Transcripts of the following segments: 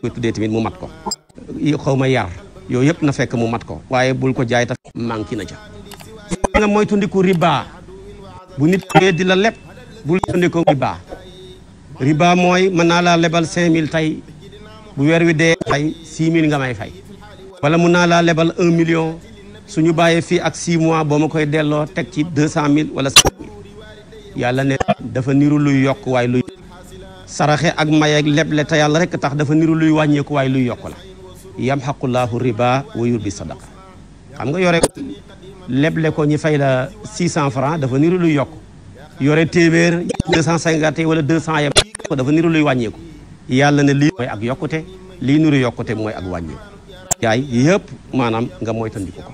koy tuddee tamit mu mat ko xaw ma yar yooyu yëpp na fekk mu mat ko waaye bul ko jaay tax manqué na ca nga mooy tundiku riba bu nit koy di la leb bul tundiku riba riba mooy mën naa laa lebal cinq mille tey bu weer wi dee tey six mille nga may fay wala mun naa laa lebal un million suñu bàyyee fi ak six mois boo ma koy delloo teg ci deux cent mille wala cinq yàlla ne dafa niru luy yokk waaye luy saraxe ak mayeeg leble te yàlla rek tax dafa niru luy wàññeeku waaye luy yokk la yamxaqullahu riba wa yurbi sadaqa xam nga yore leble ko ñi fay la 600 francs dafa niru luy yokk yore téeméer 250 wala cent yem dafa niru luy wàññeeku yàlla ne lii mooy ak yokkute lii niru yokkute mooy ak wàññeeku yaay yëpp maanaam nga moytandiku ko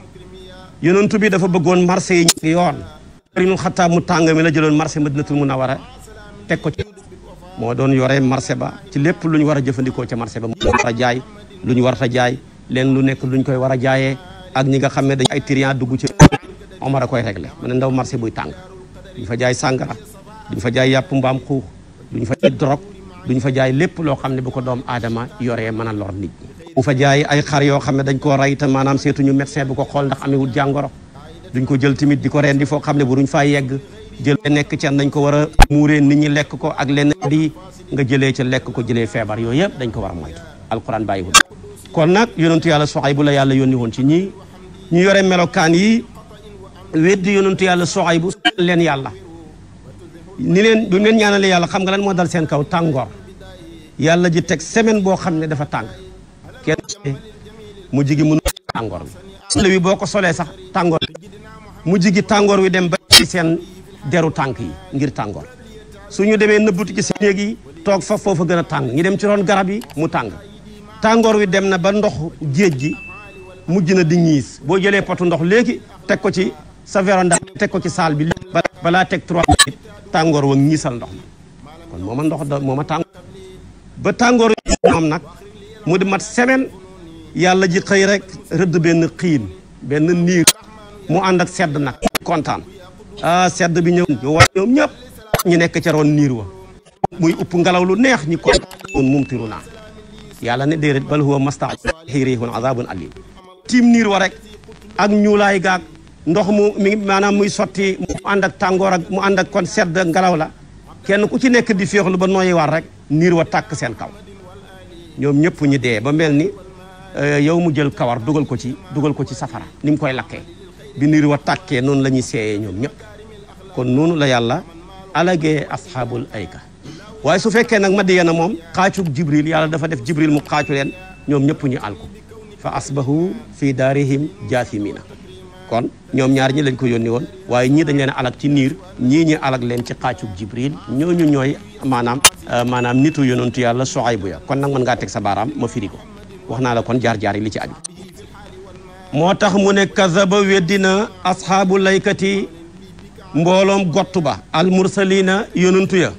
yonentu bi dafa bëggoon marché yi yoon. Umar ibn Xattaab mu tàng mi la jëloon marché Madinatul Munawwara teg ko moo doon yore marché ba ci lépp lu ñu war a jëfandikoo ca marché ba moo war a jaay lu ñu war a jaay len lu nekk lu ñu koy war a jaayee ak ñi nga xam ne dañ ay trian dugg ci Omar a koy réglé mu ne ndaw marché buy tàng duñ fa jaay sàngara duñ fa jaay yàpp mbaam xuux duñ fa jaay drogue duñ fa jaay lépp loo xam ne bu ko doom aadama yoree mën a lor nit ñi bu fa jaay ay xar yoo xam ne dañ koo rey te maanaam seetuñu médecin bu ko xool ndax amewul jàngoro duñ ko jël tamit di ko rendi foo xam ne bu ruñ faa yegg jël nekk ca nañ ko war a muuree nit ñi lekk ko ak lenn di nga jëlee ca lekk ko jëlee feebar yooyu yëpp dañ ko war a moytu alquran bàyyiwul kon nag yonentu yàlla bu la yàlla yónni woon ci ñii ñu yore melokaan yi weddi yonentu yàlla Soxaybu leen yàlla ni leen du mu leen ñaanalee yàlla xam nga lan moo dal seen kaw tàngoor yàlla ji teg semaine boo xam ne dafa tàng kenn mu jigi mënu tàngoor bi wi mu jigi tàngoor wi dem ba seen deru tànk yi ngir tàngoor su ñu demee nëbbutu ci seen néeg toog fa foofa gën a tàng ñu dem ci roon garab yi mu tàng tàngoor wi dem na ba ndox jéej gi mujj na di ñiis boo jëlee potu ndox léegi teg ko ci sa véranda teg ko ci saal bi léegi balaa teg trois minutes tàngoor wa ñiisal ndox ma kon mooma ndox da mooma tàngoor ba tàngoor wi ñoom nag mu di mat semaine yàlla ji xëy rek rëdd benn xiin benn niir mu ànd ak sedd nag kontaan Ah, sedd bi ñëw ñëpp ñu nekk ca niir wa muy upp ngelaw lu neex ñi ko mun mumtiru naa yàlla ne déedéet bal huwa mastaxi riihun azabun alim tiim niir wa rek ak ñuulaay gaag ndox mu mi maanaam muy sotti mu ànd ak tàngoor ak mu ànd ak kon sedd ngelaw la kenn ku ci nekk di lu ba nooyi war rek niir wa tàkk seen kaw ñoom ñëpp ñu dee ba mel ni euh, yow mu jël kawar dugal ko ci dugal ko ci safara ni mu koy lakkee bi niir wa tàkkee noonu la ñuy seeyee ñoom ñëpp kon noonu la yàlla alagee asxaabul ayka waaye su fekkee nag Madiyana moom xaacug Jibril yàlla dafa def Jibril mu xaacu leen ñoom ñëpp ñu alku fa asbahu fi daarihim jaathimina kon ñoom ñaar ñi lañ ko yónni woon waaye ñii dañ leen alak ci niir ñii ñi alak leen ci xaacug Jibril ñooñu ñooy maanaam euh, maanaam nitu yonantu yàlla Suaybu ya kon nag mën ngaa teg sa baaraam ma firi ko wax naa la kon jaar-jaar yi li ci aju moo tax mu ne kazaba weddina asxaabu laykati mbooloom gott ba al mursalina yonantu ya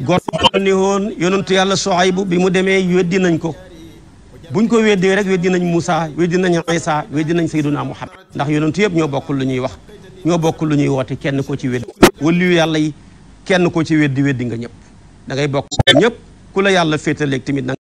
gott ba ni woon yonantu yàlla ay soxaybu bi mu demee weddi nañ ko buñ ko weddee rek weddi nañ Moussa weddi nañ Isa weddi nañ Sayyiduna Muhammad ndax yonantu yëpp ñoo bokkul lu ñuy wax ñoo bokk lu ñuy woote kenn ko ci weddi waliyu yi kenn ko ci weddi weddi nga ñëpp da ngay bokk ñëpp ku la yàlla féetaleeg tamit